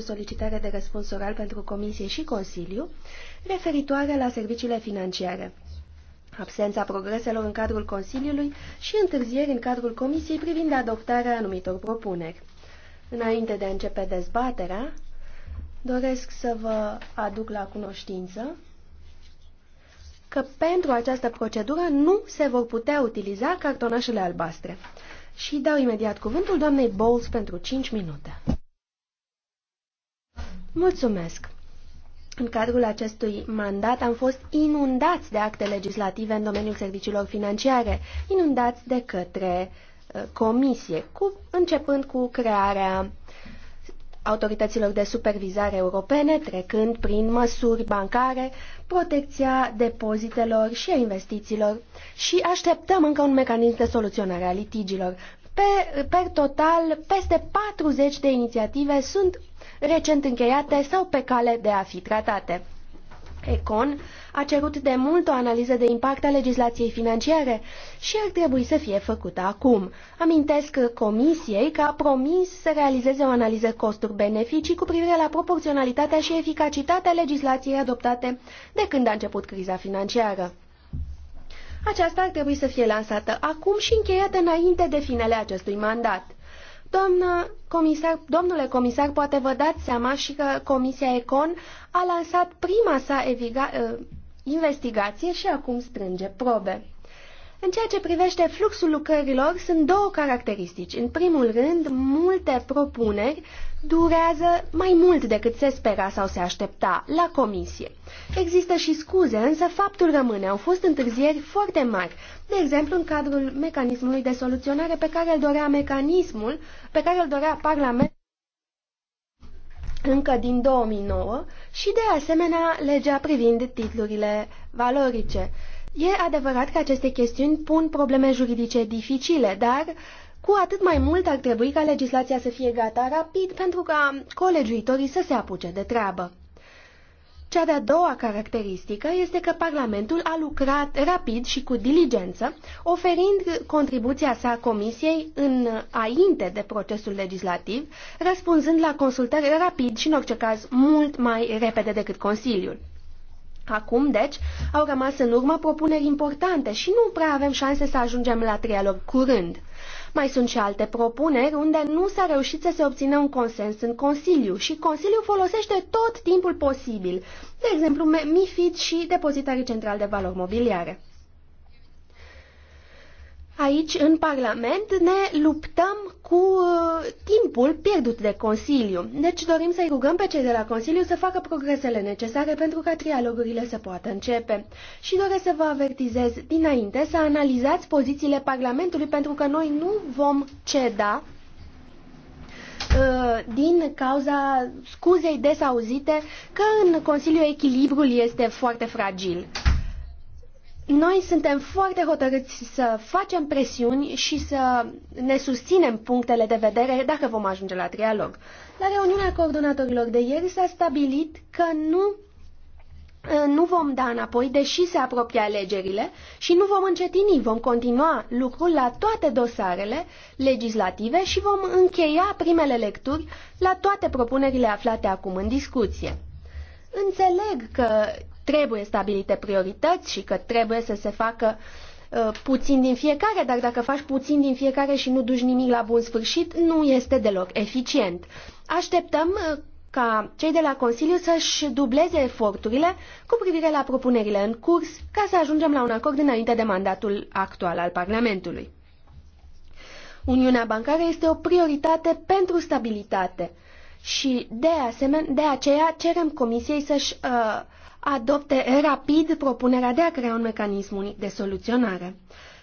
solicitare de răspuns oral pentru Comisie și Consiliu referitoare la serviciile financiare, absența progreselor în cadrul Consiliului și întârzieri în cadrul Comisiei privind adoptarea anumitor propuneri. Înainte de a începe dezbaterea, doresc să vă aduc la cunoștință că pentru această procedură nu se vor putea utiliza cartonașele albastre. Și dau imediat cuvântul doamnei Bowles pentru 5 minute. Mulțumesc! În cadrul acestui mandat am fost inundați de acte legislative în domeniul serviciilor financiare, inundați de către uh, comisie, cu, începând cu crearea autorităților de supervizare europene, trecând prin măsuri bancare, protecția depozitelor și a investițiilor și așteptăm încă un mecanism de soluționare a litigilor. Pe, total, peste 40 de inițiative sunt recent încheiate sau pe cale de a fi tratate. Econ a cerut de mult o analiză de impact a legislației financiare și ar trebui să fie făcută acum. Amintesc Comisiei că a promis să realizeze o analiză costuri-beneficii cu privire la proporționalitatea și eficacitatea legislației adoptate de când a început criza financiară. Aceasta ar trebui să fie lansată acum și încheiată înainte de finele acestui mandat. Doamnă comisar, domnule comisar, poate vă dați seama și că Comisia Econ a lansat prima sa investigație și acum strânge probe. În ceea ce privește fluxul lucrărilor, sunt două caracteristici. În primul rând, multe propuneri durează mai mult decât se spera sau se aștepta la comisie. Există și scuze, însă faptul rămâne, au fost întârzieri foarte mari, de exemplu în cadrul mecanismului de soluționare pe care îl dorea mecanismul, pe care îl dorea Parlamentul încă din 2009 și de asemenea legea privind titlurile valorice. E adevărat că aceste chestiuni pun probleme juridice dificile, dar cu atât mai mult ar trebui ca legislația să fie gata rapid pentru ca colegiuitorii să se apuce de treabă. Cea de-a doua caracteristică este că Parlamentul a lucrat rapid și cu diligență, oferind contribuția sa Comisiei înainte de procesul legislativ, răspunzând la consultări rapid și, în orice caz, mult mai repede decât Consiliul. Acum, deci, au rămas în urmă propuneri importante și nu prea avem șanse să ajungem la trialog curând. Mai sunt și alte propuneri unde nu s-a reușit să se obțină un consens în Consiliu și Consiliul folosește tot timpul posibil, de exemplu MIFID și depozitarii central de valori mobiliare aici în Parlament ne luptăm cu uh, timpul pierdut de Consiliu. Deci dorim să-i rugăm pe cei de la Consiliu să facă progresele necesare pentru ca trialogurile să poată începe. Și doresc să vă avertizez dinainte să analizați pozițiile Parlamentului pentru că noi nu vom ceda uh, din cauza scuzei desauzite că în Consiliu echilibrul este foarte fragil. Noi suntem foarte hotărâți să facem presiuni și să ne susținem punctele de vedere dacă vom ajunge la trialog. La reuniunea coordonatorilor de ieri s-a stabilit că nu ă, nu vom da înapoi, deși se apropie alegerile, și nu vom încetini, vom continua lucrul la toate dosarele legislative și vom încheia primele lecturi la toate propunerile aflate acum în discuție. Înțeleg că trebuie stabilite priorități și că trebuie să se facă uh, puțin din fiecare, dar dacă faci puțin din fiecare și nu duci nimic la bun sfârșit, nu este deloc eficient. Așteptăm uh, ca cei de la Consiliu să-și dubleze eforturile cu privire la propunerile în curs ca să ajungem la un acord înainte de mandatul actual al Parlamentului. Uniunea bancară este o prioritate pentru stabilitate și de, asemenea, de aceea cerem Comisiei să-și uh, adopte rapid propunerea de a crea un mecanism unic de soluționare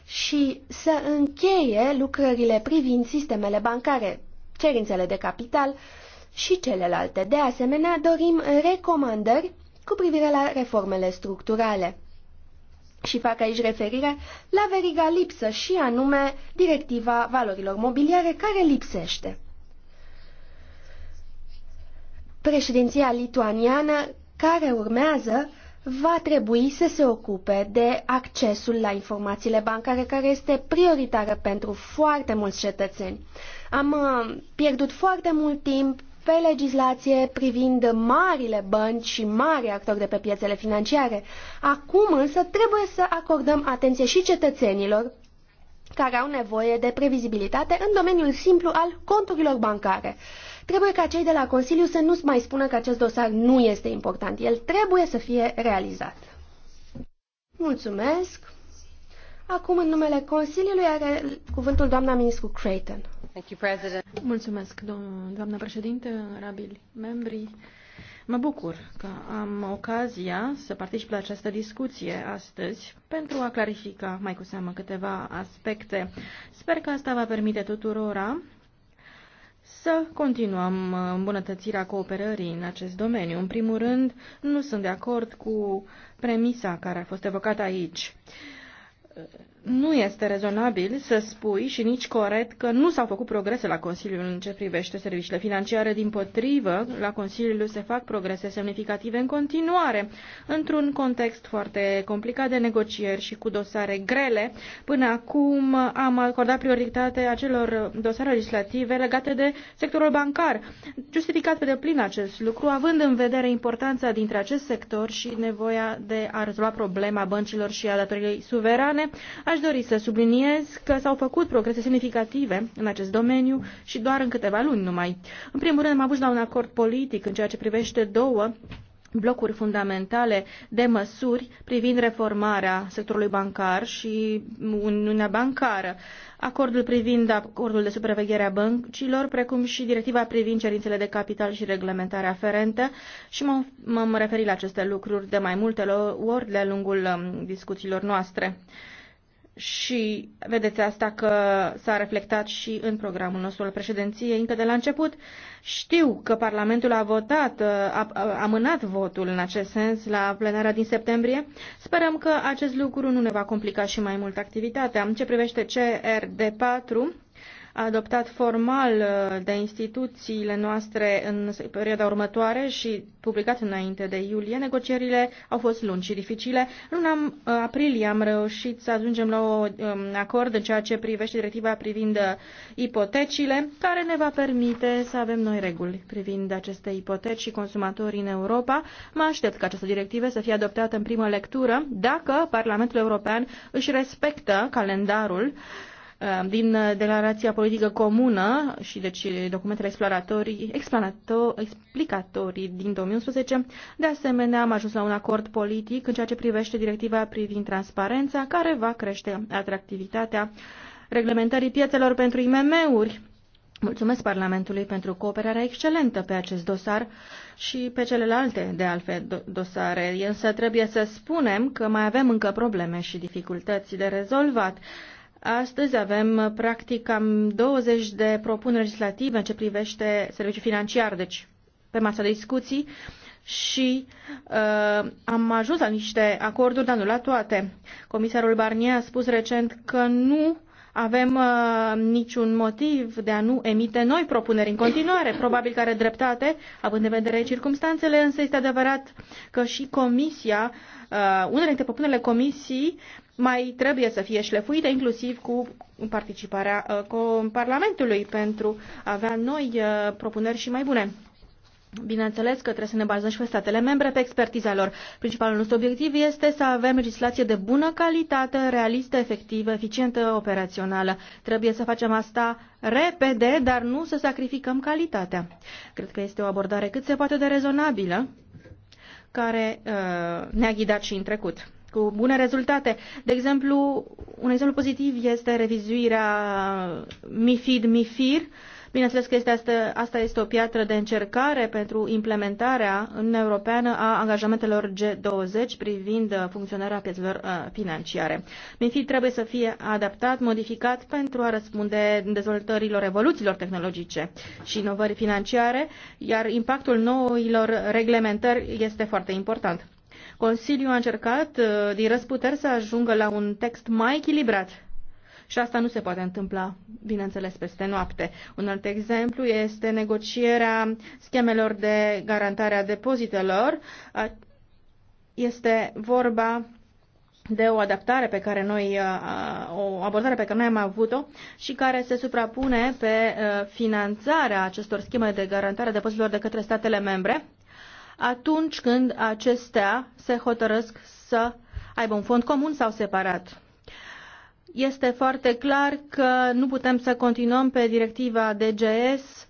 și să încheie lucrările privind sistemele bancare, cerințele de capital și celelalte. De asemenea, dorim recomandări cu privire la reformele structurale. Și fac aici referire la veriga lipsă și anume directiva valorilor mobiliare care lipsește. Președinția lituaniană care urmează va trebui să se ocupe de accesul la informațiile bancare, care este prioritară pentru foarte mulți cetățeni. Am uh, pierdut foarte mult timp pe legislație privind marile bănci și mari actori de pe piețele financiare. Acum însă trebuie să acordăm atenție și cetățenilor care au nevoie de previzibilitate în domeniul simplu al conturilor bancare. Trebuie ca cei de la Consiliu să nu mai spună că acest dosar nu este important. El trebuie să fie realizat. Mulțumesc. Acum, în numele Consiliului, are cuvântul doamna ministru Creighton. Thank you, President. Mulțumesc, do doamna președinte, rabili, membri. Mă bucur că am ocazia să particip la această discuție astăzi pentru a clarifica mai cu seamă câteva aspecte. Sper că asta va permite tuturora să continuăm uh, îmbunătățirea cooperării în acest domeniu. În primul rând, nu sunt de acord cu premisa care a fost evocată aici nu este rezonabil să spui și nici corect că nu s-au făcut progrese la Consiliul în ce privește serviciile financiare. Din potrivă, la Consiliul se fac progrese semnificative în continuare, într-un context foarte complicat de negocieri și cu dosare grele. Până acum am acordat prioritate acelor dosare legislative legate de sectorul bancar, justificat pe deplin acest lucru, având în vedere importanța dintre acest sector și nevoia de a rezolva problema băncilor și a datoriei suverane. Aș Aș dori să subliniez că s-au făcut progrese semnificative în acest domeniu și doar în câteva luni numai. În primul rând, am ajuns la un acord politic în ceea ce privește două blocuri fundamentale de măsuri privind reformarea sectorului bancar și Uniunea Bancară, acordul privind acordul de supraveghere a băncilor, precum și directiva privind cerințele de capital și reglementarea aferentă și m-am referit la aceste lucruri de mai multe ori de-a lungul um, discuțiilor noastre și vedeți asta că s-a reflectat și în programul nostru al președinției încă de la început. Știu că Parlamentul a votat, a, a amânat votul în acest sens la plenara din septembrie. Sperăm că acest lucru nu ne va complica și mai mult activitatea. În ce privește CRD4, adoptat formal uh, de instituțiile noastre în perioada următoare și publicat înainte de iulie, negocierile au fost lungi și dificile. În luna uh, aprilie am reușit să ajungem la un um, acord în ceea ce privește directiva privind uh, ipotecile, care ne va permite să avem noi reguli privind aceste ipoteci și consumatorii în Europa. Mă aștept ca această directivă să fie adoptată în primă lectură dacă Parlamentul European își respectă calendarul Ehm, din eh, declarația politică comună și deci documentele exploratorii, explicatorii din 2011. De asemenea, am ajuns la un acord politic în ceea ce privește directiva privind transparența, care va crește atractivitatea reglementării piețelor pentru IMM-uri. Mulțumesc Parlamentului pentru cooperarea excelentă pe acest dosar și pe celelalte, de altfel, dosare. Însă trebuie să spunem că mai avem încă probleme și dificultăți de rezolvat. Astăzi avem uh, practic cam 20 de propuneri legislative în ce privește serviciul financiar, deci pe masa de discuții și uh, am ajuns la niște acorduri, dar nu la toate. Comisarul Barnier a spus recent că nu avem uh, niciun motiv de a nu emite noi propuneri în continuare. Probabil că are dreptate, având în vedere circumstanțele, însă este adevărat că și Comisia, uh, unele dintre propunerile Comisiei mai trebuie să fie șlefuite, inclusiv cu participarea uh, cu Parlamentului, pentru a avea noi uh, propuneri și mai bune. Bineînțeles că trebuie să ne bazăm și pe statele membre, pe expertiza lor. Principalul nostru obiectiv este să avem legislație de bună calitate, realistă, efectivă, eficientă, operațională. Trebuie să facem asta repede, dar nu să sacrificăm calitatea. Cred că este o abordare cât se poate de rezonabilă, care uh, ne-a ghidat și în trecut cu bune rezultate. De exemplu, un exemplu pozitiv este revizuirea MIFID-MIFIR. Bineînțeles că este asta, asta este o piatră de încercare pentru implementarea în europeană a angajamentelor G20 privind uh, funcționarea piețelor uh, financiare. MIFID trebuie să fie adaptat, modificat pentru a răspunde dezvoltărilor evoluțiilor tehnologice și inovări financiare, iar impactul noilor reglementări este foarte important. Consiliul a încercat uh, din răsputeri să ajungă la un text mai echilibrat și asta nu se poate întâmpla, bineînțeles, peste noapte. Un alt exemplu este negocierea schemelor de garantare a depozitelor. Este vorba de o adaptare pe care noi, uh, o abordare pe care noi am avut-o și care se suprapune pe uh, finanțarea acestor scheme de garantare a depozitelor de către statele membre atunci când acestea se hotărăsc să aibă un fond comun sau separat. Este foarte clar că nu putem să continuăm pe directiva DGS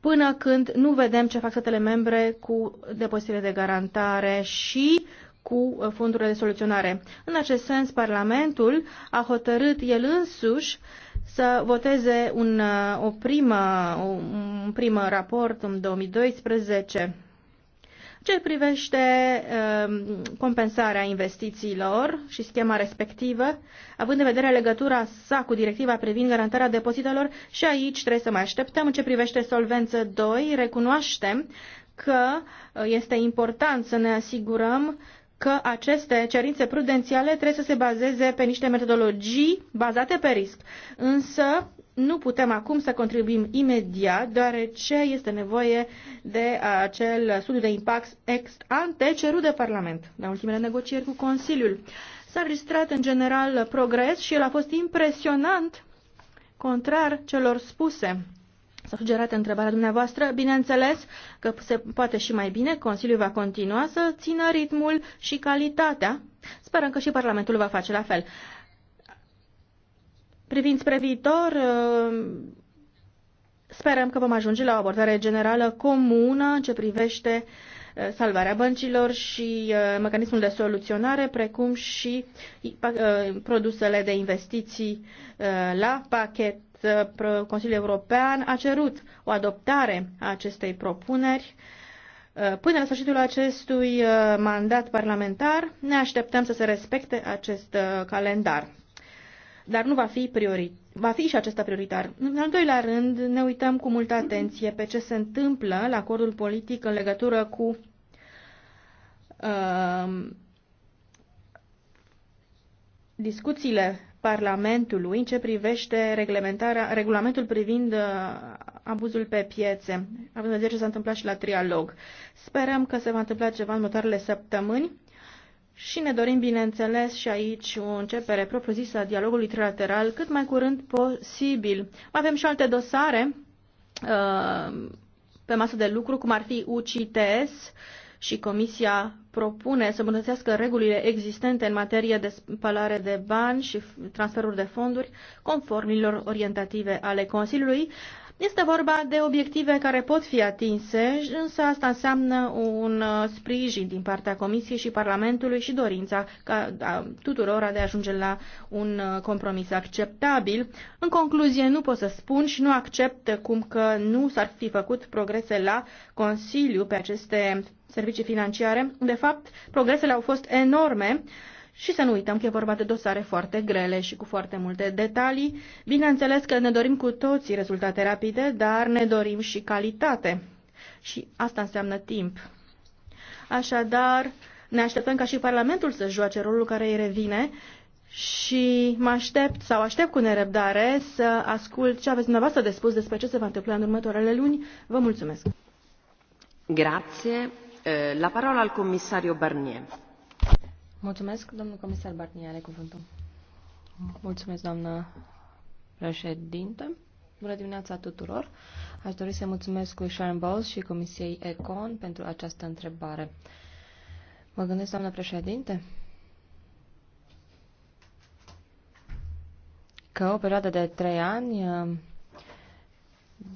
până când nu vedem ce fac statele membre cu depozitele de garantare și cu uh, fondurile de soluționare. În acest sens, Parlamentul a hotărât el însuși să voteze un, uh, o primă, un primă raport în 2012 ce privește ehm, compensarea investițiilor și schema respectivă, având în vedere legătura sa cu directiva privind garantarea depozitelor, și aici trebuie să mai așteptăm. În ce privește solvență 2, recunoaștem că uh, este important să ne asigurăm că aceste cerințe prudențiale trebuie să se bazeze pe niște metodologii bazate pe risc. Însă, nu putem acum să contribuim imediat, deoarece este nevoie de acel studiu de impact ex ante cerut de Parlament la ultimele negocieri cu Consiliul. S-a registrat în general progres și el a fost impresionant, contrar celor spuse. S-a sugerat întrebarea dumneavoastră, bineînțeles că se poate și mai bine, Consiliul va continua să țină ritmul și calitatea. Sperăm că și Parlamentul va face la fel. Privind spre viitor, uh, sperăm că vom ajunge la o abordare generală comună în ce privește uh, salvarea băncilor și uh, mecanismul de soluționare, precum și produsele de investiții la pachet. Consiliul European a cerut o adoptare a acestei propuneri Până la sfârșitul acestui mandat parlamentar, ne așteptăm să se respecte acest calendar dar nu va fi priori, va fi și acesta prioritar. În al doilea rând, ne uităm cu multă atenție pe ce se întâmplă la acordul politic în legătură cu uh, discuțiile Parlamentului în ce privește reglementarea, regulamentul privind uh, abuzul pe piețe, având în vedere ce s-a întâmplat și la trialog. Sperăm că se va întâmpla ceva în următoarele săptămâni și ne dorim, bineînțeles, și aici o începere propriu-zisă a dialogului trilateral cât mai curând posibil. Mai avem și alte dosare uh, pe masă de lucru, cum ar fi UCITS și Comisia propune să îmbunătățească regulile existente în materie de spălare de bani și transferuri de fonduri conform lor orientative ale Consiliului. Uh, este vorba de obiective care pot fi atinse, însă asta înseamnă un uh, sprijin din partea Comisiei și Parlamentului și dorința ca a tuturora de a ajunge la un uh, compromis acceptabil. În concluzie, nu pot să spun și nu accept cum că nu s-ar fi făcut progrese la Consiliu pe aceste servicii financiare. De fapt, progresele au fost enorme și să nu uităm că e vorba de dosare foarte grele și cu foarte multe detalii. Bineînțeles că ne dorim cu toții rezultate rapide, dar ne dorim și calitate. Și asta înseamnă timp. Așadar, ne așteptăm ca și Parlamentul să joace rolul care îi revine și mă aștept sau aștept cu nerăbdare să ascult ce aveți dumneavoastră de spus despre ce se va întâmpla în următoarele luni. Vă mulțumesc. Grazie. Eh, la parola al commissario Barnier. Mulțumesc, domnul comisar Barnier, are cuvântul. Mulțumesc, doamnă președinte. Bună dimineața tuturor! Aș dori să mulțumesc cu Sharon Bowles și Comisiei Econ pentru această întrebare. Mă gândesc, doamnă președinte, că o perioadă de trei ani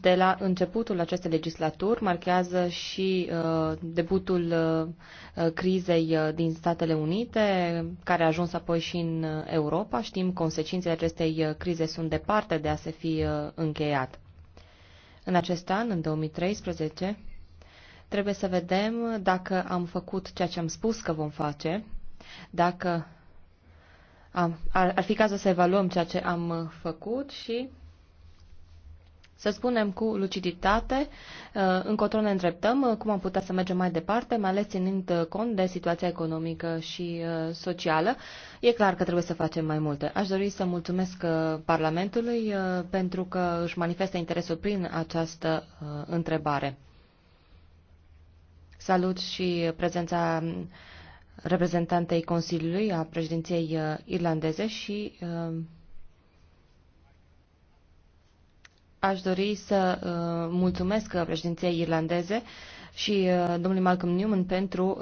de la începutul acestei legislaturi marchează și uh, debutul uh, uh, crizei uh, din Statele Unite, care a ajuns apoi și în uh, Europa. Știm, consecințele acestei uh, crize sunt departe de a se fi uh, încheiat. În acest an, în 2013, trebuie să vedem dacă am făcut ceea ce am spus că vom face, dacă am, ar, ar fi cazul să evaluăm ceea ce am uh, făcut și să spunem cu luciditate uh, încotro ne îndreptăm, uh, cum am putea să mergem mai departe, mai ales ținând uh, cont de situația economică și socială. E clar că trebuie să facem mai multe. Aș dori să mulțumesc Parlamentului pentru că își manifestă interesul prin această întrebare. Salut și prezența reprezentantei Consiliului a președinției irlandeze și Aș dori să uh, mulțumesc uh, președinției irlandeze și uh, domnului Malcolm Newman pentru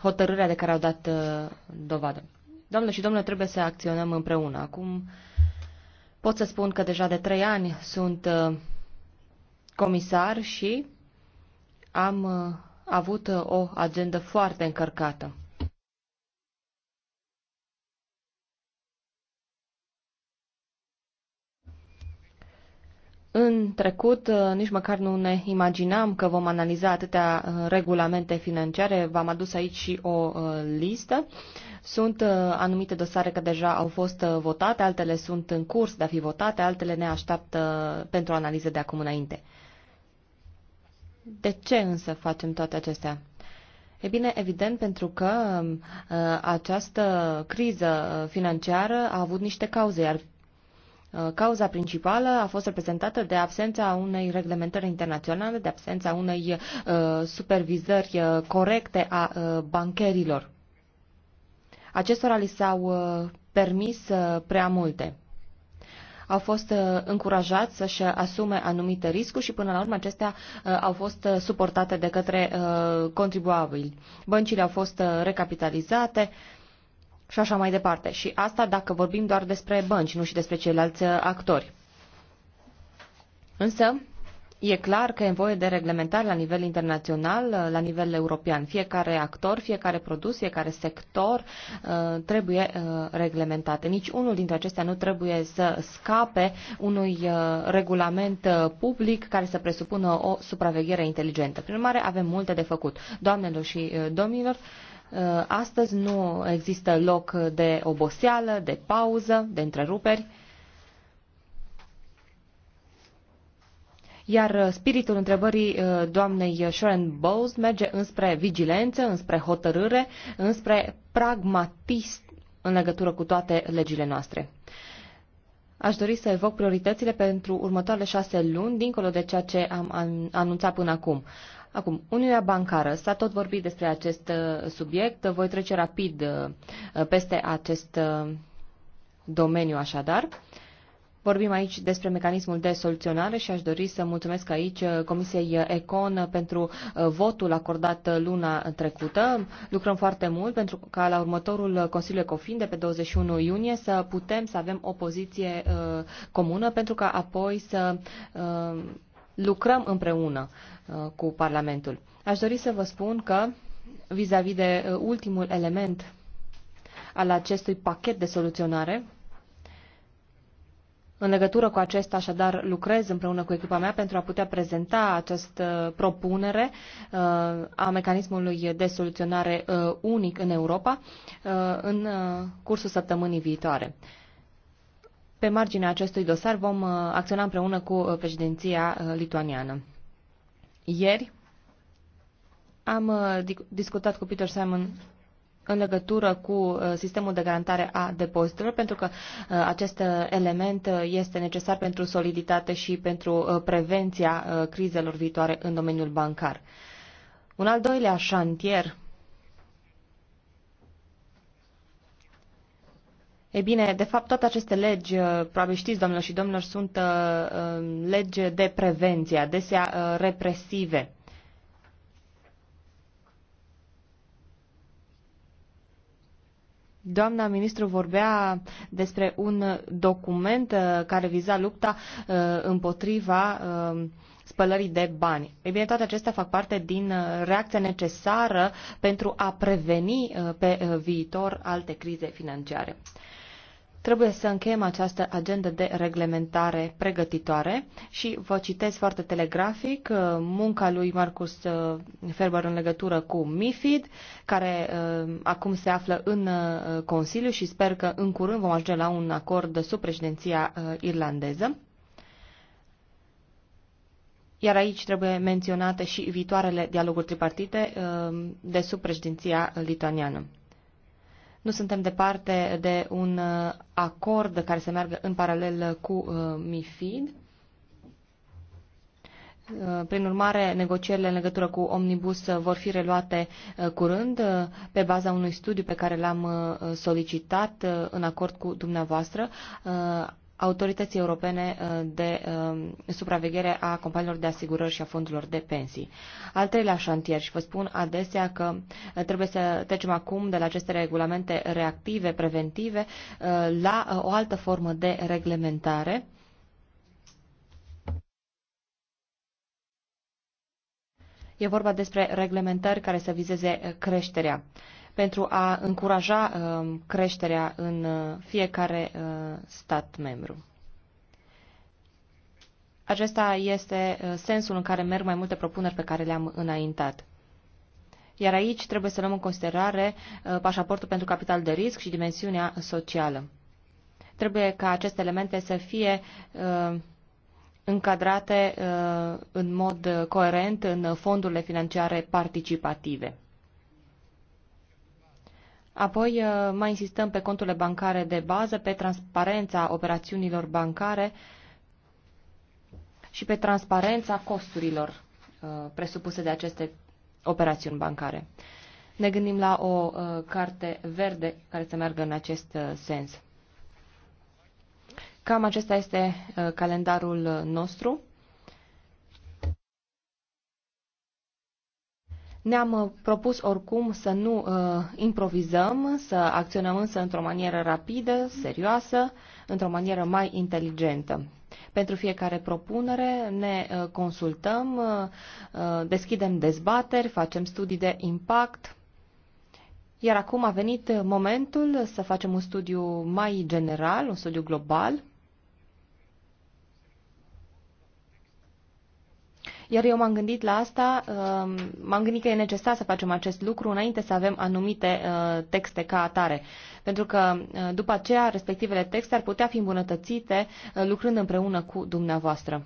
hotărârea de care au dat dovadă. Doamne și domnule, trebuie să acționăm împreună. Acum pot să spun că deja de trei ani sunt comisar și am avut o agendă foarte încărcată. În trecut, uh, nici măcar nu ne imaginam că vom analiza atâtea uh, regulamente financiare. V-am adus aici și o uh, listă. Sunt anumite dosare care deja au fost votate, altele sunt în curs de a fi votate, altele ne așteaptă pentru analiză de acum înainte. De ce însă facem toate acestea? E bine, evident, pentru că uh, această criză financiară a avut niște cauze, iar Uh, cauza principală a fost reprezentată de absența unei reglementări internaționale, de absența unei uh, supervizări uh, corecte a uh, bancherilor. Acestora li s-au uh, permis uh, prea multe. Au fost uh, încurajați să-și asume anumite riscuri și până la urmă acestea uh, au fost uh, suportate de către uh, contribuabili. Băncile au fost uh, recapitalizate, uh, și așa mai departe. Și asta dacă vorbim doar despre bănci, nu și despre ceilalți uh, actori. Însă, e clar că e nevoie de reglementare la nivel internațional, uh, la nivel european. Fiecare actor, fiecare produs, fiecare sector uh, trebuie reglementat. Nici unul dintre acestea nu trebuie să scape unui regulament public care să presupună o supraveghere inteligentă. Prin urmare, avem multe de făcut. Doamnelor și domnilor, Uh, astăzi nu există loc de oboseală, de pauză, de întreruperi. Iar uh, spiritul întrebării uh, doamnei Sharon Bowes merge înspre vigilență, înspre hotărâre, înspre pragmatism în legătură cu toate legile noastre. Aș dori să evoc prioritățile pentru următoarele șase luni, dincolo de ceea ce am anunțat până acum. Acum, Uniunea Bancară, s-a tot vorbit despre acest uh, subiect, voi trece rapid uh, peste acest uh, domeniu așadar. Vorbim aici despre mecanismul de soluționare și aș dori să mulțumesc aici Comisiei Econ pentru votul acordat luna trecută. Lucrăm foarte mult pentru ca la următorul Consiliu Ecofin de pe 21 iunie să putem să avem o poziție comună pentru ca apoi să lucrăm împreună uh, cu Parlamentul. Aș dori să vă spun că, vis-a-vis -vis de uh, ultimul element al acestui pachet de soluționare, în legătură cu acesta, așadar, lucrez împreună cu echipa mea pentru a putea prezenta această propunere uh, a mecanismului de soluționare unic în Europa în cursul săptămânii viitoare. Pe marginea acestui dosar vom uh, acționa împreună cu uh, președinția uh, lituaniană. Ieri am discutat cu Peter Simon în legătură cu sistemul de garantare a depozitelor, pentru că acest element este necesar pentru soliditate și pentru prevenția crizelor viitoare în domeniul bancar. Un al doilea șantier Ei bine, de fapt, toate aceste legi, uh, probabil știți, domnilor și domnilor, sunt uh, uh, legi de prevenție, adesea uh, represive. Doamna ministru vorbea despre un document uh, care viza lupta împotriva spălării de bani. Ei bine, toate acestea fac parte din uh, reacția necesară pentru a preveni uh, pe uh, viitor alte crize financiare. Trebuie să încheiem această agendă de reglementare pregătitoare și vă citesc foarte telegrafic munca lui Marcus Ferber în legătură cu MIFID, care acum se află în Consiliu și sper că în curând vom ajunge la un acord sub președinția irlandeză. Iar aici trebuie menționate și viitoarele dialoguri tripartite um, de sub președinția lituaniană. Nu suntem departe de un uh, acord care se meargă în paralel cu uh, MIFID. Uh, prin urmare, negocierile în legătură cu Omnibus vor fi reluate curând pe baza unui studiu pe care l-am solicitat în acord cu dumneavoastră. Autorității Europene uh, de uh, Supraveghere a Companiilor de Asigurări și a Fondurilor de Pensii. Al treilea șantier și vă spun adesea că uh, trebuie să trecem acum de la aceste regulamente reactive, preventive, la o altă formă de reglementare. E vorba despre reglementări care să vizeze creșterea pentru a încuraja uh, creșterea în uh, fiecare uh, stat membru. Acesta este sensul în care merg mai multe propuneri pe care le-am înaintat. Iar aici trebuie să luăm în considerare pașaportul pentru capital de risc și dimensiunea socială. Trebuie ca aceste elemente să fie încadrate în mod coerent în fondurile financiare participative. Apoi uh, mai insistăm pe conturile bancare de bază, pe transparența operațiunilor bancare și pe transparența costurilor uh, presupuse de aceste operațiuni bancare. Ne gândim la o uh, carte verde care să meargă în acest sens. Cam acesta este calendarul nostru. Ne-am uh, propus oricum să nu uh, improvizăm, să acționăm însă într-o manieră rapidă, serioasă, într-o manieră mai inteligentă. Pentru fiecare propunere ne uh, consultăm, uh, uh deschidem dezbateri, facem studii de impact, iar acum a venit momentul să facem un studiu mai general, un studiu global, Iar eu m-am gândit la asta, um, m-am gândit că e necesar să facem acest lucru înainte să avem anumite uh, texte ca atare. Pentru că uh, după aceea respectivele texte ar putea fi îmbunătățite uh, lucrând împreună cu dumneavoastră.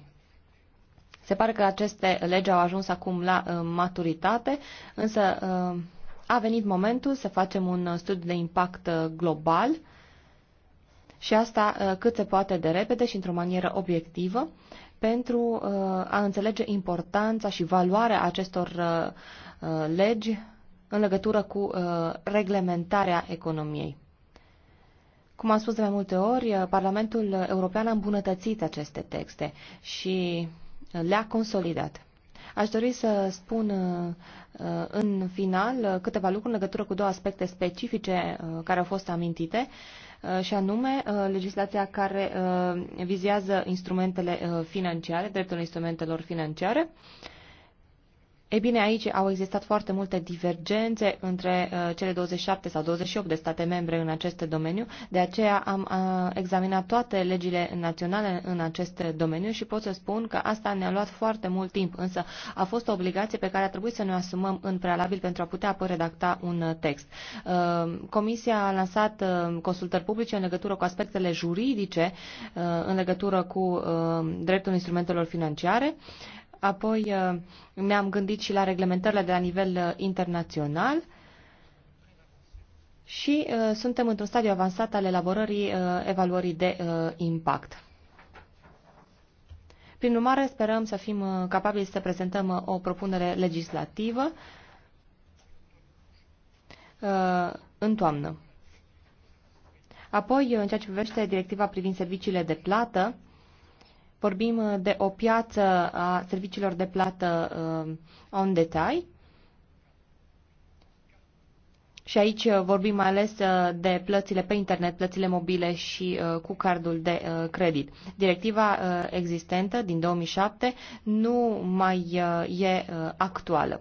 Se pare că aceste legi au ajuns acum la maturitate, însă a venit momentul să facem un studiu de impact global și asta uh, cât se poate de repede și într-o manieră obiectivă pentru uh, a înțelege importanța și valoarea acestor uh, legi în legătură cu reglementarea economiei. Cum am spus de mai multe ori, Parlamentul European a îmbunătățit aceste texte și le-a consolidat. Aș dori să spun uh, uh, în final uh, câteva lucruri în legătură cu două aspecte specifice care au fost amintite și anume legislația care vizează instrumentele financiare, dreptul instrumentelor financiare. E bine, aici au existat foarte multe divergențe între uh, cele 27 sau 28 de state membre în acest domeniu, de aceea am uh, examinat toate legile naționale în acest domeniu și pot să spun că asta ne-a luat foarte mult timp, însă a fost o obligație pe care a trebuit să ne asumăm în prealabil pentru a putea apoi redacta un uh, text. Uh, Comisia a lansat uh, consultări publice în legătură cu aspectele juridice, uh, în legătură cu uh, dreptul instrumentelor financiare. Uh, Apoi uh, ne-am gândit și la reglementările de la nivel uh, internațional și uh, suntem într-un stadiu avansat al elaborării evaluării de impact. Prin urmare, sperăm să fim capabili să prezentăm o propunere legislativă în toamnă. Apoi, în ceea ce privește directiva privind serviciile de plată, vorbim uh, de o piață a serviciilor de plată uh, on detail. Și aici uh, vorbim mai ales de plățile pe internet, plățile mobile și cu cardul de credit. Directiva existentă din 2007 nu mai e actuală.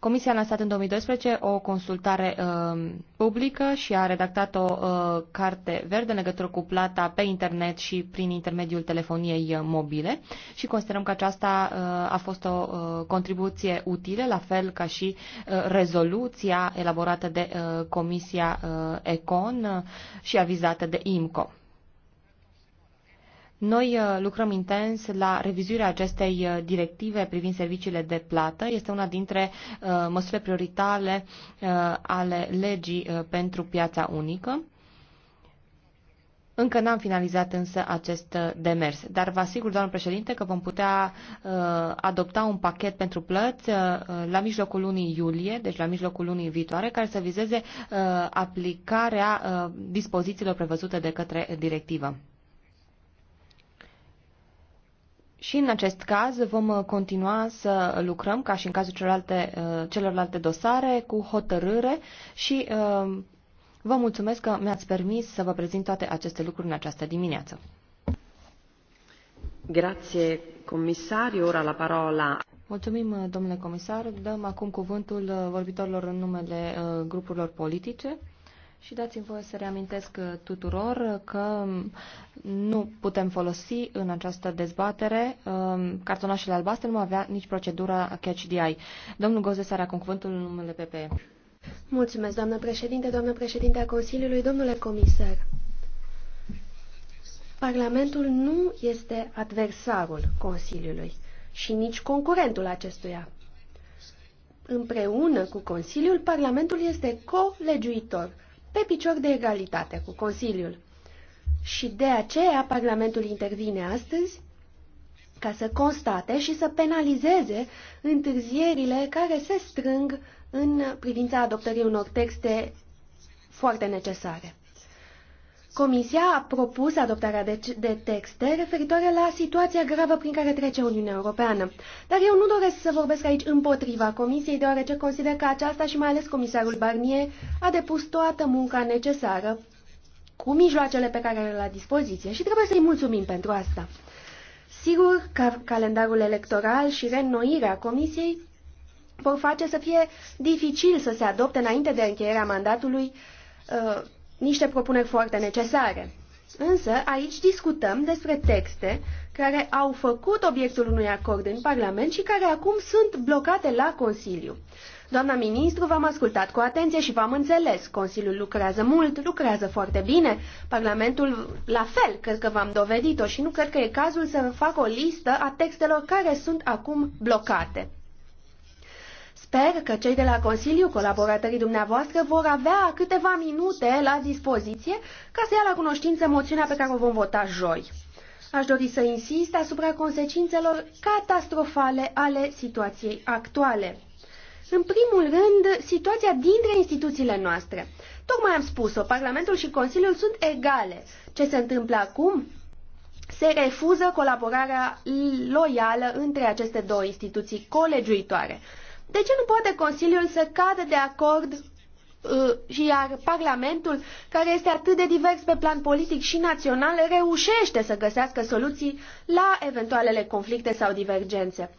Comisia a lansat în 2012 o consultare uh, publică și a redactat o uh, carte verde în legătură cu plata pe internet și prin intermediul telefoniei uh, mobile și considerăm că aceasta uh, a fost o uh, contribuție utilă, la fel ca și uh, rezoluția elaborată de uh, Comisia uh, Econ uh, și avizată de IMCO. Noi uh, lucrăm intens la revizuirea acestei uh, directive privind serviciile de plată. Este una dintre uh, măsurile prioritare ale legii pentru piața unică. Încă n-am finalizat însă acest demers, dar vă asigur, doamnă președinte, că vom putea uh, adopta un pachet pentru plăți uh, la mijlocul lunii iulie, deci la mijlocul lunii viitoare, care să vizeze uh, aplicarea uh, dispozițiilor prevăzute de către directivă. Și în acest caz vom uh, continua să lucrăm, ca și în cazul celorlalte, uh, celorlalte dosare, cu hotărâre și uh, vă mulțumesc că mi-ați permis să vă prezint toate aceste lucruri în această dimineață. Grazie, comisario. Ora la parola. Mulțumim, domnule comisar. Dăm acum cuvântul vorbitorilor în numele grupurilor politice. Și dați-mi voie să reamintesc uh, tuturor uh, că nu putem folosi în această dezbatere um, cartonașele albastre, nu avea nici procedura catch the eye. Domnul Gozes are acum cuvântul în numele PPE. Mulțumesc, doamnă președinte, doamnă președinte a Consiliului, domnule comisar. Parlamentul nu este adversarul Consiliului și nici concurentul acestuia. Împreună cu Consiliul, Parlamentul este colegiuitor pe picior de egalitate cu Consiliul. Și de aceea Parlamentul intervine astăzi ca să constate și să penalizeze întârzierile care se strâng în privința adoptării unor texte foarte necesare. Comisia a propus adoptarea de, de texte referitoare la situația gravă prin care trece Uniunea Europeană. Dar eu nu doresc să vorbesc aici împotriva Comisiei, deoarece consider că aceasta și mai ales comisarul Barnier a depus toată munca necesară cu mijloacele pe care le la dispoziție și trebuie să-i mulțumim pentru asta. Sigur că calendarul electoral și reînnoirea Comisiei vor face să fie dificil să se adopte înainte de încheierea mandatului uh, niște propuneri foarte necesare. Însă, aici discutăm despre texte care au făcut obiectul unui acord în Parlament și care acum sunt blocate la Consiliu. Doamna ministru, v-am ascultat cu atenție și v-am înțeles. Consiliul lucrează mult, lucrează foarte bine. Parlamentul, la fel, cred că v-am dovedit-o și nu cred că e cazul să fac o listă a textelor care sunt acum blocate. Sper că cei de la Consiliu, colaboratorii dumneavoastră, vor avea câteva minute la dispoziție ca să ia la cunoștință moțiunea pe care o vom vota joi. Aș dori să insist asupra consecințelor catastrofale ale situației actuale. În primul rând, situația dintre instituțiile noastre. Tocmai am spus-o, Parlamentul și Consiliul sunt egale. Ce se întâmplă acum? Se refuză colaborarea loială între aceste două instituții colegiuitoare. De ce nu poate Consiliul să cadă de acord și uh, iar Parlamentul, care este atât de divers pe plan politic și național, reușește să găsească soluții la eventualele conflicte sau divergențe?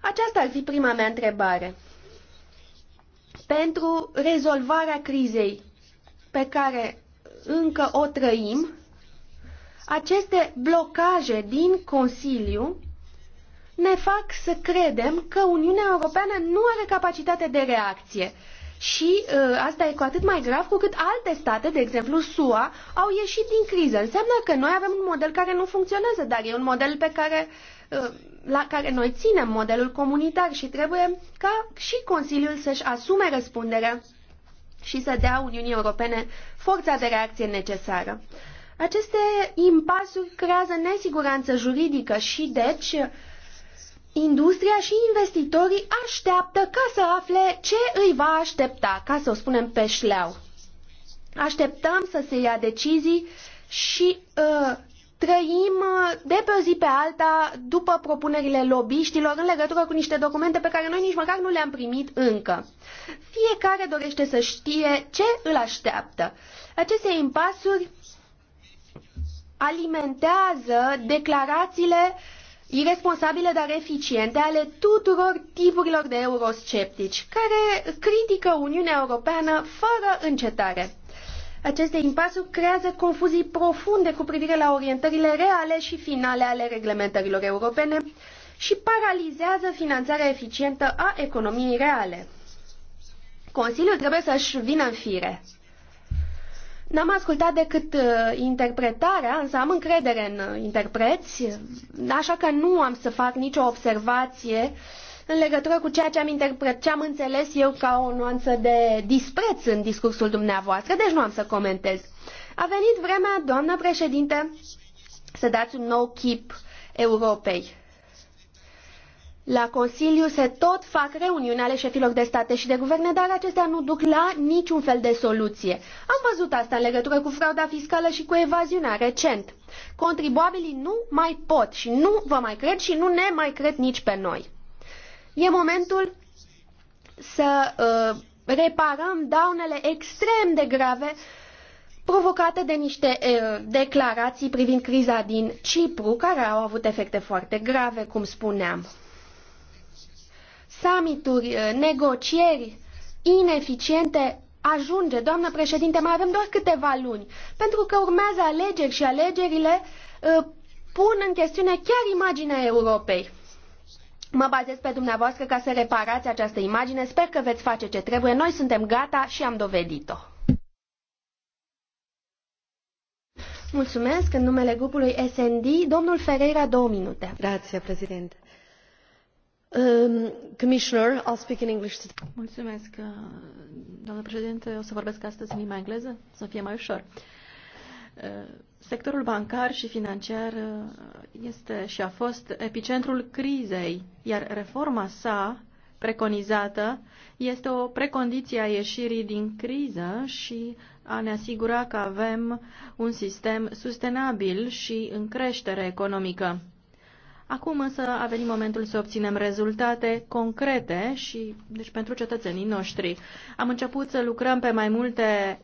Aceasta ar fi prima mea întrebare. Pentru rezolvarea crizei pe care încă o trăim, aceste blocaje din Consiliu ne fac să credem că Uniunea Europeană nu are capacitate de reacție. Și uh, asta e cu atât mai grav cu cât alte state, de exemplu SUA, au ieșit din criză. Înseamnă că noi avem un model care nu funcționează, dar e un model pe care, uh, la care noi ținem, modelul comunitar și trebuie ca și Consiliul să-și asume răspunderea și să dea Uniunii Europene forța de reacție necesară. Aceste impasuri creează nesiguranță juridică și, deci, Industria și investitorii așteaptă ca să afle ce îi va aștepta, ca să o spunem pe șleau. Așteptăm să se ia decizii și uh, trăim uh, de pe o zi pe alta după propunerile lobiștilor în legătură cu niște documente pe care noi nici măcar nu le-am primit încă. Fiecare dorește să știe ce îl așteaptă. Aceste impasuri alimentează declarațiile uh, iresponsabile, dar eficiente ale tuturor tipurilor de eurosceptici, care critică Uniunea Europeană fără încetare. Aceste impasuri creează confuzii profunde cu privire la orientările reale și finale ale reglementărilor europene și paralizează finanțarea eficientă a economiei reale. Consiliul trebuie să-și vină în fire. N-am ascultat decât uh, interpretarea, însă am încredere în uh, interpreți, uh, așa că nu am să fac nicio observație în legătură cu ceea ce am, interpret, ce am înțeles eu ca o nuanță de dispreț în discursul dumneavoastră, deci nu am să comentez. A venit vremea, doamnă președinte, să dați un nou chip Europei. La Consiliu se tot fac reuniuni ale șefilor de state și de guverne, dar acestea nu duc la niciun fel de soluție. Am văzut asta în legătură cu frauda fiscală și cu evaziunea recent. Contribuabilii nu mai pot și nu vă mai cred și nu ne mai cred nici pe noi. E momentul să uh, reparăm daunele extrem de grave provocate de niște uh, declarații privind criza din Cipru, care au avut efecte foarte grave, cum spuneam summituri, eh, negocieri ineficiente ajunge, doamnă președinte, mai avem doar câteva luni, pentru că urmează alegeri și alegerile eh, pun în chestiune chiar imaginea Europei. Mă bazez pe dumneavoastră ca să reparați această imagine, sper că veți face ce trebuie, noi suntem gata și am dovedit-o. Mulțumesc. În numele grupului SND, domnul Ferreira, două minute. Grație, președinte. Um, Mulțumesc, uh, doamnă președinte. O să vorbesc astăzi în limba engleză, să fie mai ușor. Uh, sectorul bancar și financiar uh, este și a fost epicentrul crizei, iar reforma sa preconizată este o precondiție a ieșirii din criză și a ne asigura că avem un sistem sustenabil și în creștere economică. Acum însă a venit momentul să obținem rezultate concrete și deci pentru cetățenii noștri. Am început să lucrăm pe mai multe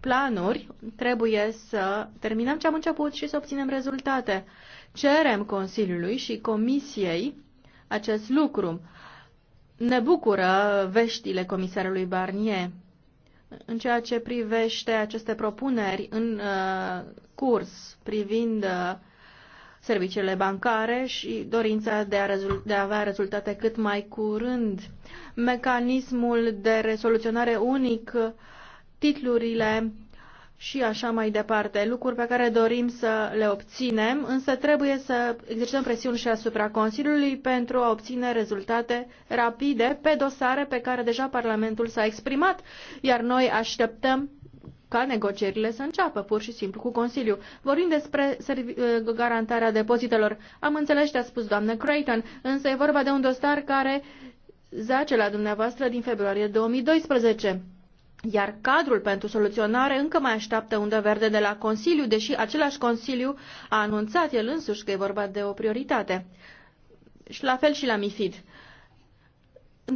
planuri, trebuie să terminăm ce am început și să obținem rezultate. Cerem Consiliului și Comisiei acest lucru. Ne bucură veștile comisarului Barnier în ceea ce privește aceste propuneri în uh, curs privind uh, serviciile bancare și dorința de a, de a avea rezultate cât mai curând. Mecanismul de rezoluționare unic, titlurile și așa mai departe, lucruri pe care dorim să le obținem, însă trebuie să exercităm presiuni și asupra Consiliului pentru a obține rezultate rapide pe dosare pe care deja Parlamentul s-a exprimat, iar noi așteptăm ca negocierile să înceapă pur și simplu cu Consiliu. Vorbim despre ă, garantarea depozitelor. Am înțeles ce a spus doamnă Creighton, însă e vorba de un dosar care zace la dumneavoastră din februarie 2012 iar cadrul pentru soluționare încă mai așteaptă undă verde de la Consiliu, deși același Consiliu a anunțat el însuși că e vorba de o prioritate. Și la fel și la MIFID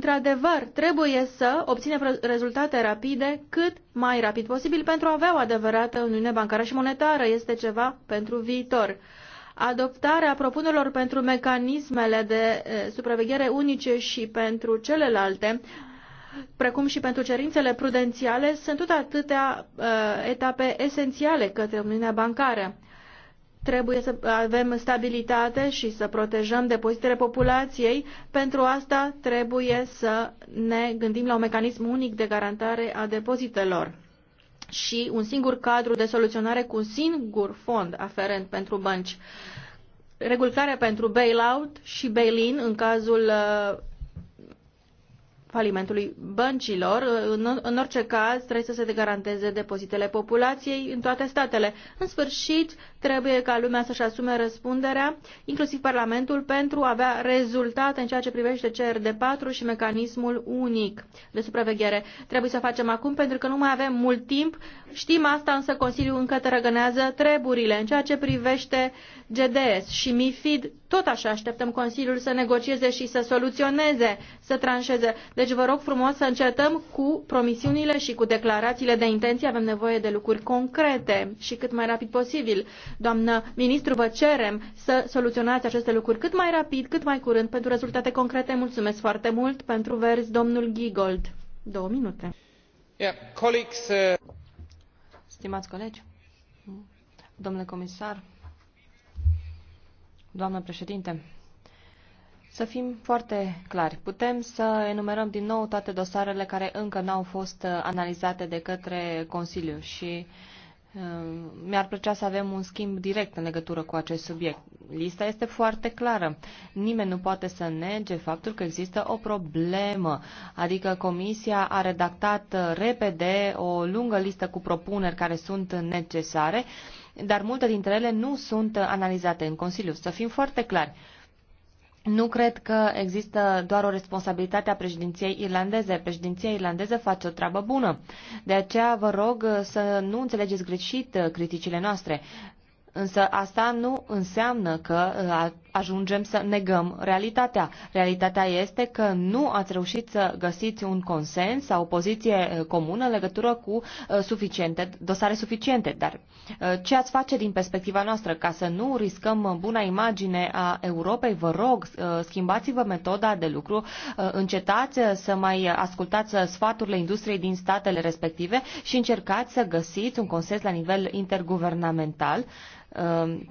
într-adevăr, trebuie să obținem rezultate rapide, cât mai rapid posibil, pentru a avea o adevărată Uniune Bancară și Monetară. Este ceva pentru viitor. Adoptarea propunerilor pentru mecanismele de supraveghere unice și pentru celelalte, precum și pentru cerințele prudențiale, sunt tot atâtea uh, etape esențiale către Uniunea Bancară. Trebuie să avem stabilitate și să protejăm depozitele populației. Pentru asta trebuie să ne gândim la un mecanism unic de garantare a depozitelor și un singur cadru de soluționare cu un singur fond aferent pentru bănci. Reguli pentru bailout și bail-in în cazul uh, falimentului băncilor. În, în orice caz, trebuie să se garanteze depozitele populației în toate statele. În sfârșit, trebuie ca lumea să-și asume răspunderea, inclusiv Parlamentul, pentru a avea rezultate în ceea ce privește CRD4 și mecanismul unic de supraveghere. Trebuie să facem acum pentru că nu mai avem mult timp. Știm asta, însă Consiliul încă tărăgânează treburile. În ceea ce privește GDS și MIFID, tot așa așteptăm Consiliul să negocieze și să soluționeze, să tranșeze. Deci vă rog frumos să încetăm cu promisiunile și cu declarațiile de intenție. Avem nevoie de lucruri concrete și cât mai rapid posibil. Doamnă ministru, vă cerem să soluționați aceste lucruri cât mai rapid, cât mai curând, pentru rezultate concrete. Mulțumesc foarte mult pentru vers, domnul Gigold. Două minute. Yeah, colleagues, uh... Stimați colegi, domnule comisar, Doamnă președinte, să fim foarte clari, putem să enumerăm din nou toate dosarele care încă n-au fost uh, analizate de către Consiliu și uh, mi-ar plăcea să avem un schimb direct în legătură cu acest subiect. Lista este foarte clară. Nimeni nu poate să nege faptul că există o problemă, adică Comisia a redactat uh, repede o lungă listă cu propuneri care sunt necesare, dar multe dintre ele nu sunt analizate în Consiliu. Să fim foarte clari. Nu cred că există doar o responsabilitate a președinției irlandeze. Președinția irlandeză face o treabă bună. De aceea vă rog să nu înțelegeți greșit criticile noastre. Însă asta nu înseamnă că uh, ajungem să negăm realitatea. Realitatea este că nu ați reușit să găsiți un consens sau o poziție uh, comună în legătură cu uh, suficiente, dosare suficiente. Dar ce ați face din perspectiva noastră ca să nu riscăm buna imagine a Europei? Vă rog, schimbați-vă metoda de lucru, încetați să mai ascultați sfaturile industriei din statele respective și încercați să găsiți un consens la nivel interguvernamental um,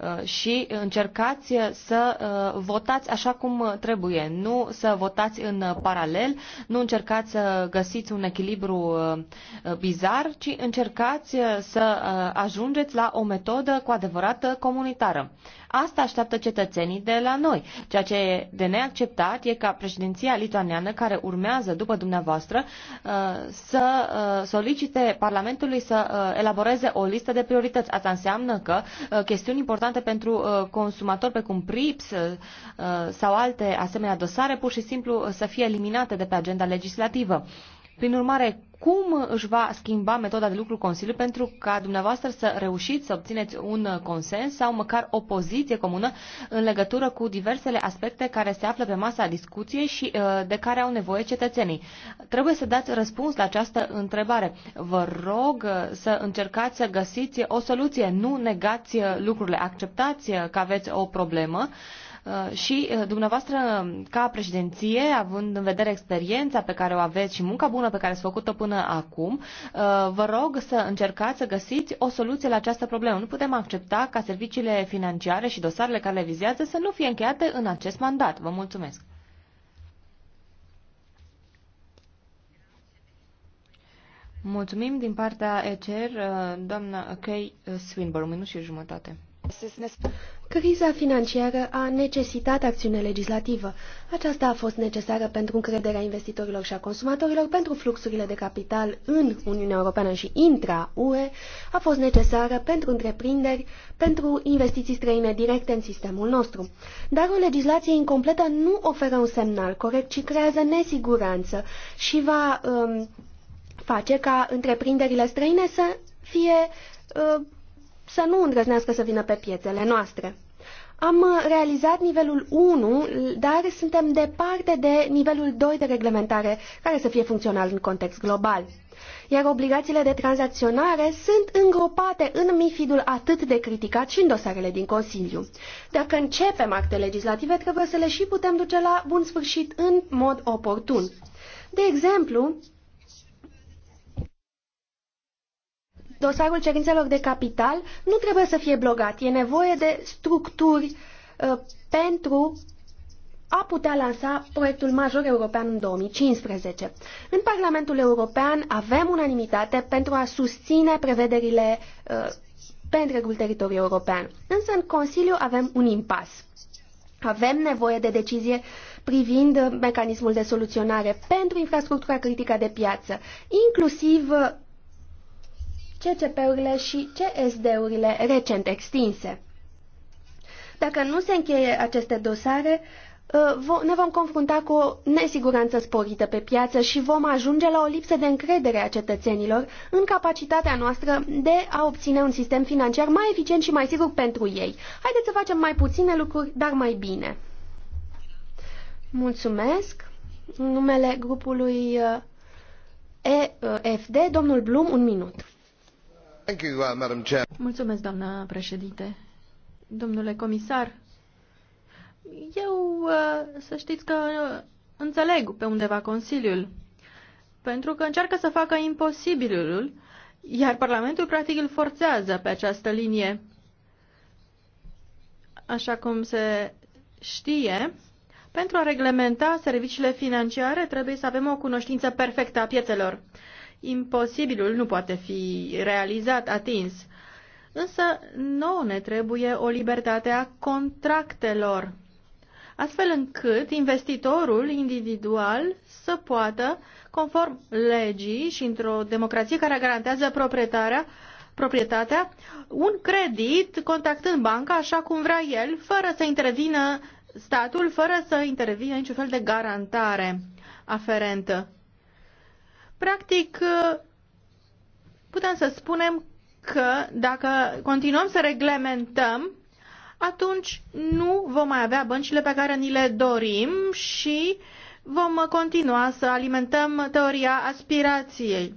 Uh, și încercați uh, să uh, votați așa cum trebuie, nu să votați în paralel, nu încercați să găsiți un echilibru bizar, ci încercați să ajungeți la o metodă cu adevărat comunitară. Asta așteaptă cetățenii de la noi. Ceea ce e de neacceptat e ca președinția lituaniană care urmează după dumneavoastră să solicite Parlamentului să elaboreze o listă de priorități. Asta înseamnă că chestiuni importante importante pentru uh, consumatori, precum PRIPS uh, uh, sau alte asemenea dosare, pur și simplu să fie eliminate de pe agenda legislativă. Prin urmare, cum își va schimba metoda de lucru Consiliul pentru ca dumneavoastră să reușiți să obțineți un consens sau măcar o poziție comună în legătură cu diversele aspecte care se află pe masa discuției și uh, de care au nevoie cetățenii. Trebuie să dați răspuns la această întrebare. Vă rog uh, să încercați să găsiți o soluție, nu negați uh, lucrurile, acceptați că aveți o problemă Uh, și uh, dumneavoastră, ca președinție, având în vedere experiența pe care o aveți și munca bună pe care ați făcut-o până acum, uh, vă rog să încercați să găsiți o soluție la această problemă. Nu putem accepta ca serviciile financiare și dosarele care le vizează să nu fie încheiate în acest mandat. Vă mulțumesc! Mulțumim din partea ECR, doamna Kay Swinburne, minut și jumătate. Criza financiară a necesitat acțiune legislativă. Aceasta a fost necesară pentru încrederea investitorilor și a consumatorilor, pentru fluxurile de capital în Uniunea Europeană și intra-UE, a fost necesară pentru întreprinderi, pentru investiții străine directe în sistemul nostru. Dar o legislație incompletă nu oferă un semnal corect, ci creează nesiguranță și va um, face ca întreprinderile străine să fie uh, să nu îndrăznească să vină pe piețele noastre. Am uh, realizat nivelul 1, dar suntem departe de nivelul 2 de reglementare care să fie funcțional în context global. Iar obligațiile de tranzacționare sunt îngropate în mifidul atât de criticat și în dosarele din Consiliu. Dacă începem acte legislative, trebuie să le și putem duce la bun sfârșit în mod oportun. De exemplu, dosarul cerințelor de capital nu trebuie să fie blocat. E nevoie de structuri uh, pentru a putea lansa proiectul major european în 2015. În Parlamentul European avem unanimitate pentru a susține prevederile uh, pe întregul teritoriu european. Însă în Consiliu avem un impas. Avem nevoie de decizie privind mecanismul de soluționare pentru infrastructura critică de piață, inclusiv uh, CCP-urile și CSD-urile recent extinse. Dacă nu se încheie aceste dosare, ă, ne vom confrunta cu o nesiguranță sporită pe piață și vom ajunge la o lipsă de încredere a cetățenilor în capacitatea noastră de a obține un sistem financiar mai eficient și mai sigur pentru ei. Haideți să facem mai puține lucruri, dar mai bine. Mulțumesc. În numele grupului ă, EFD, ă, domnul Blum, un minut. Uh, Mulțumesc, doamna președinte. Domnule comisar, eu uh, să știți că uh, înțeleg pe undeva Consiliul, pentru că încearcă să facă imposibilul, iar Parlamentul practic îl forțează pe această linie. Așa cum se știe, pentru a reglementa serviciile financiare trebuie să avem o cunoștință perfectă a piețelor imposibilul nu poate fi realizat, atins. Însă nouă ne trebuie o libertate a contractelor, astfel încât investitorul individual să poată, conform legii și într-o democrație care garantează proprietarea, proprietatea, un credit contactând banca așa cum vrea el, fără să intervină statul, fără să intervină niciun fel de garantare aferentă. Practic, putem să spunem că dacă continuăm să reglementăm, atunci nu vom mai avea băncile pe care ni le dorim și vom continua să alimentăm teoria aspirației,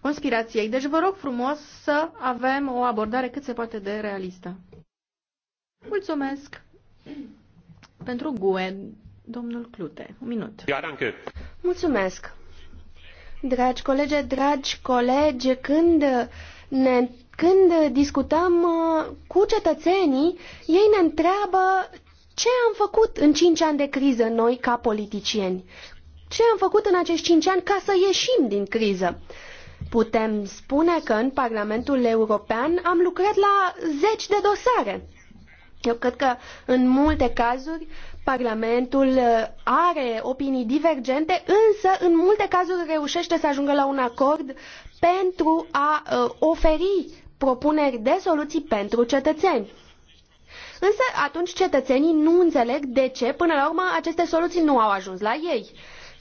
conspirației. Deci vă rog frumos să avem o abordare cât se poate de realistă. Mulțumesc pentru GUE, domnul Clute. Un minut. Mulțumesc. Dragi colegi, dragi colegi, când, ne, când discutăm uh, cu cetățenii, ei ne întreabă ce am făcut în cinci ani de criză noi ca politicieni. Ce am făcut în acești cinci ani ca să ieșim din criză? Putem spune că în Parlamentul European am lucrat la zeci de dosare. Eu cred că în multe cazuri uh, Parlamentul uh, are opinii divergente, însă în multe cazuri reușește să ajungă la un acord pentru a uh, oferi propuneri de soluții pentru cetățeni. Însă atunci cetățenii nu înțeleg de ce, până la urmă, aceste soluții nu au ajuns la ei.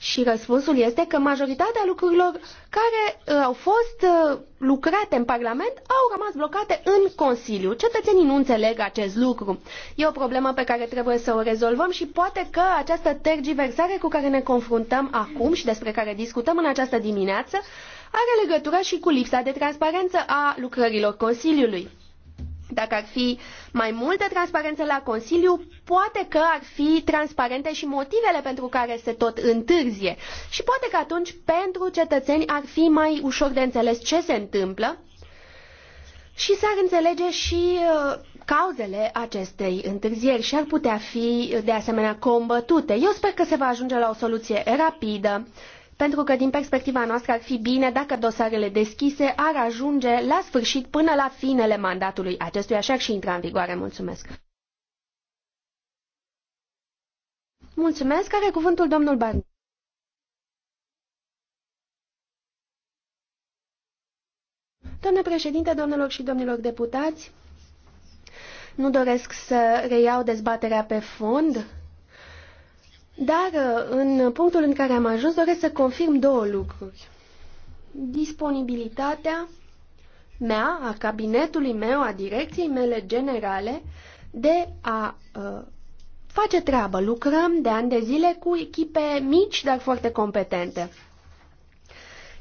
Și răspunsul este că majoritatea lucrurilor care uh, au fost uh, lucrate în Parlament au rămas blocate în Consiliu. Cetățenii nu înțeleg acest lucru. E o problemă pe care trebuie să o rezolvăm și poate că această tergiversare cu care ne confruntăm acum și despre care discutăm în această dimineață are legătură și cu lipsa de transparență a lucrărilor Consiliului. Dacă ar fi mai multă transparență la Consiliu, poate că ar fi transparente și motivele pentru care se tot întârzie. Și poate că atunci pentru cetățeni ar fi mai ușor de înțeles ce se întâmplă și s-ar înțelege și uh, cauzele acestei întârzieri și ar putea fi de asemenea combătute. Eu sper că se va ajunge la o soluție rapidă pentru că din perspectiva noastră ar fi bine dacă dosarele deschise ar ajunge la sfârșit până la finele mandatului acestuia, așa și intra în vigoare. Mulțumesc! Mulțumesc! Are cuvântul domnul Barn. Domnule președinte, domnilor și domnilor deputați, nu doresc să reiau dezbaterea pe fond, dar uh, în punctul în care am ajuns doresc să confirm două lucruri. Disponibilitatea mea, a cabinetului meu, a direcției mele generale de a uh, face treabă. Lucrăm de ani de zile cu echipe mici, dar foarte competente.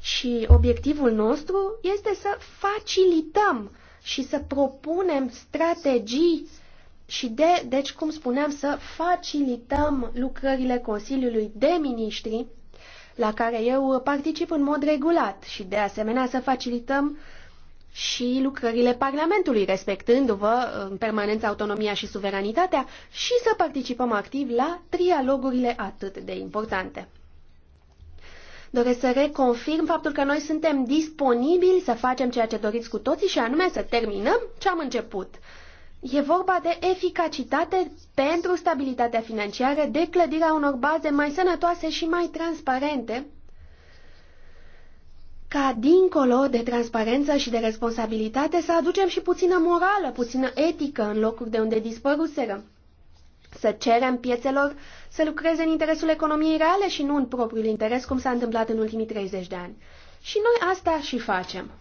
Și obiectivul nostru este să facilităm și să propunem strategii și de, deci, cum spuneam, să facilităm lucrările Consiliului de Ministri, la care eu particip în mod regulat și, de asemenea, să facilităm și lucrările Parlamentului, respectându-vă în permanență autonomia și suveranitatea și să participăm activ la trialogurile atât de importante. Doresc să reconfirm faptul că noi suntem disponibili să facem ceea ce doriți cu toții și anume să terminăm ce am început E vorba de eficacitate pentru stabilitatea financiară, de clădirea unor baze mai sănătoase și mai transparente, ca dincolo de transparență și de responsabilitate să aducem și puțină morală, puțină etică în locuri de unde dispăruseră. Să cerem piețelor să lucreze în interesul economiei reale și nu în propriul interes, cum s-a întâmplat în ultimii 30 de ani. Și noi asta și facem.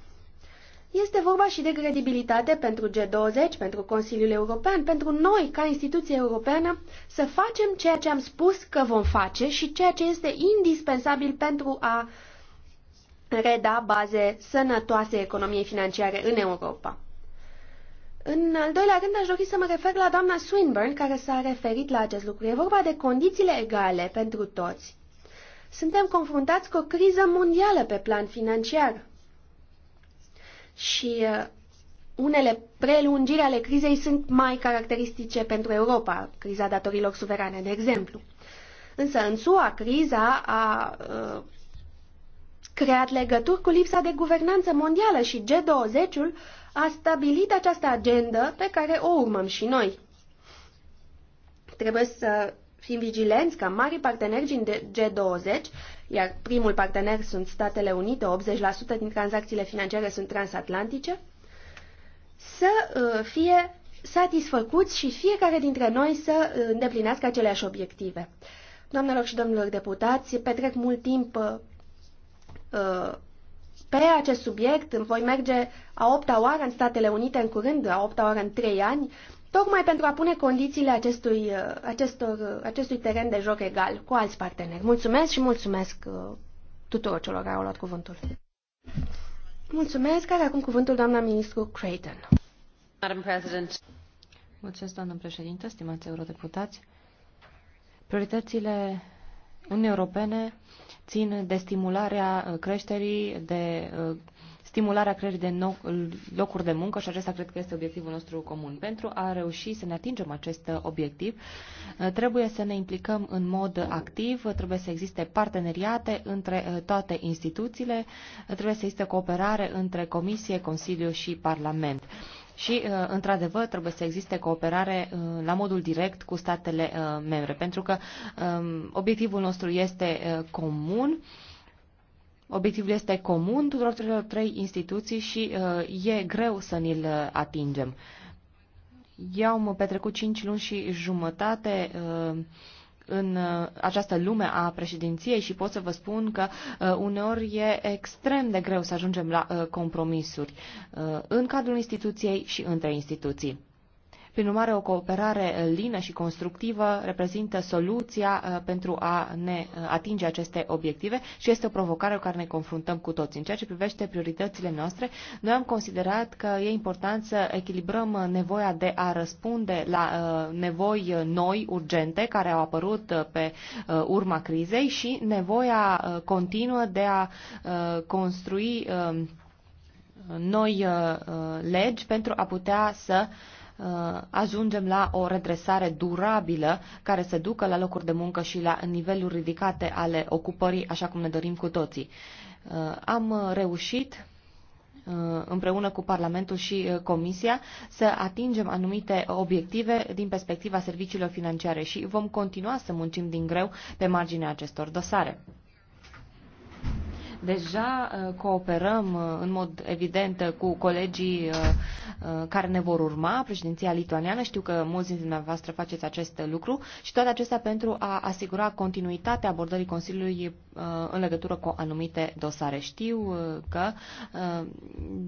Este vorba și de credibilitate pentru G20, pentru Consiliul European, pentru noi, ca instituție europeană, să facem ceea ce am spus că vom face și ceea ce este indispensabil pentru a reda baze sănătoase economiei financiare în Europa. În al doilea rând, aș dori să mă refer la doamna Swinburne, care s-a referit la acest lucru. E vorba de condițiile egale pentru toți. Suntem confruntați cu o criză mondială pe plan financiar și uh, unele prelungiri ale crizei sunt mai caracteristice pentru Europa, criza datorilor suverane, de exemplu. Însă în SUA, criza a uh, creat legături cu lipsa de guvernanță mondială și G20-ul a stabilit această agendă pe care o urmăm și noi. Trebuie să fim vigilenți ca mari parteneri din G20 iar primul partener sunt Statele Unite, 80% din tranzacțiile financiare sunt transatlantice, să uh, fie satisfăcuți și fiecare dintre noi să uh, îndeplinească aceleași obiective. Doamnelor și domnilor deputați, petrec mult timp uh, pe acest subiect. Voi merge a opta oară în Statele Unite în curând, a opta oară în trei ani, tocmai pentru a pune condițiile acestui, uh, acestor, uh, acestui teren de joc egal cu alți parteneri. Mulțumesc și mulțumesc uh, tuturor celor care au luat cuvântul. Mulțumesc, Are acum cuvântul doamna ministru Creighton. Madam President. Mulțumesc, doamnă președintă, stimați eurodeputați. Prioritățile Uniunii Europene țin de stimularea creșterii, de stimularea creării de no- locuri de muncă și acesta cred că este obiectivul nostru comun. Pentru a reuși să ne atingem acest obiectiv, uh, trebuie să ne implicăm în mod activ, trebuie să existe parteneriate între uh, toate instituțiile, uh, trebuie să existe cooperare între Comisie, Consiliu și Parlament. Și, într-adevăr, trebuie să existe cooperare la modul direct cu statele membre, pentru că um, obiectivul nostru este comun Obiectivul este comun tuturor celor trei instituții și uh, e greu să ni-l uh, atingem. Eu am petrecut cinci luni și jumătate uh, în uh, această lume a președinției și pot să vă spun că uh, uneori e extrem de greu să ajungem la uh, compromisuri uh, în cadrul instituției și între instituții. Prin urmare, o cooperare lină și constructivă reprezintă soluția uh, pentru a ne uh, atinge aceste obiective și este o provocare cu care ne confruntăm cu toți. În ceea ce privește prioritățile noastre, noi am considerat că e important să echilibrăm uh, nevoia de a răspunde la nevoi noi, urgente, care au apărut pe urma crizei și nevoia continuă de a construi noi legi pentru a putea să uh, Uh, ajungem la o redresare durabilă care să ducă la locuri de muncă și la niveluri ridicate ale ocupării, așa cum ne dorim cu toții. Uh, am reușit uh, împreună cu Parlamentul și Comisia să atingem anumite obiective din perspectiva serviciilor financiare și vom continua să muncim din greu pe marginea acestor dosare. Deja uh, cooperăm uh, în mod evident uh, cu colegii care ne vor urma, președinția lituaniană. Știu că mulți dintre dumneavoastră faceți acest lucru și toate acestea pentru a asigura continuitatea abordării Consiliului în legătură cu anumite dosare. Știu că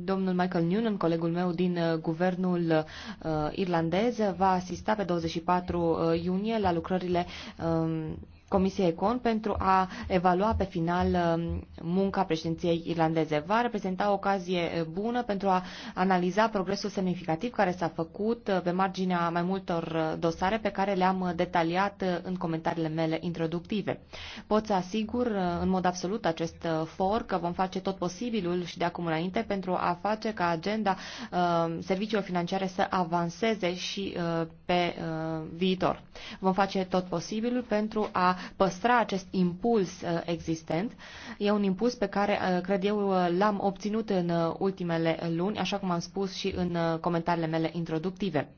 domnul Michael Newnan, colegul meu din guvernul irlandez, va asista pe 24 iunie la lucrările um, Comisia Econ pentru a evalua pe final um, munca președinției irlandeze. Va reprezenta o ocazie uh, bună pentru a analiza progresul semnificativ care s-a făcut uh, pe marginea mai multor uh, dosare pe care le-am detaliat în comentariile mele introductive. Pot să asigur în mod absolut acest for că vom face tot posibilul și de acum înainte pentru a face ca agenda serviciilor financiare să avanseze și pe viitor. Vom face tot posibilul pentru a păstra acest impuls uh, existent. E un impuls pe care, uh, cred eu, uh, l-am obținut în ultimele luni, așa cum am spus și în comentariile mele introductive.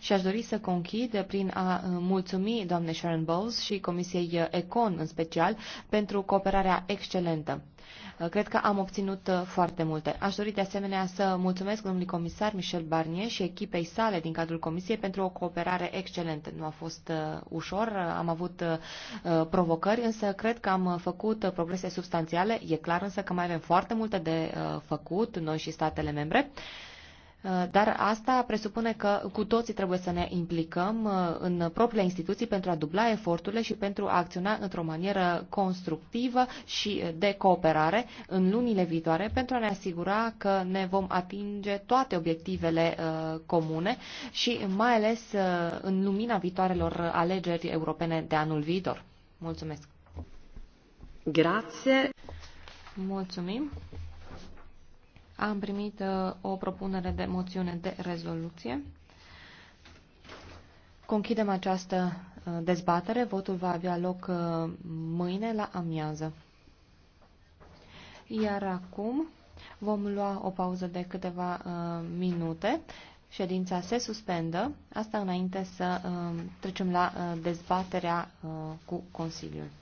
Și aș dori să conchid prin a mulțumi doamnei Sharon Bowles și Comisiei ECON în special pentru cooperarea excelentă. Cred că am obținut uh, foarte multe. Aș dori de asemenea să mulțumesc domnului comisar Michel Barnier și echipei sale din cadrul Comisiei pentru o cooperare excelentă. Nu a fost uh, ușor, uh, am avut provocări, însă cred că am făcut progrese substanțiale. E clar însă că mai avem foarte multe de făcut, noi și statele membre. Uh, dar asta presupune că cu toții trebuie să ne implicăm uh, în propriile instituții pentru a dubla eforturile și pentru a acționa într-o manieră constructivă și de cooperare în lunile viitoare pentru a ne asigura că ne vom atinge toate obiectivele uh, comune și mai ales în lumina viitoarelor alegeri europene de anul viitor. Mulțumesc! Grazie! Mulțumim! Am primit uh, o propunere de moțiune de rezoluție. Conchidem această uh, dezbatere. Votul va avea loc uh, mâine la amiază. Iar acum vom lua o pauză de câteva minute. Ședința se suspendă, asta înainte să trecem la dezbaterea cu Consiliul.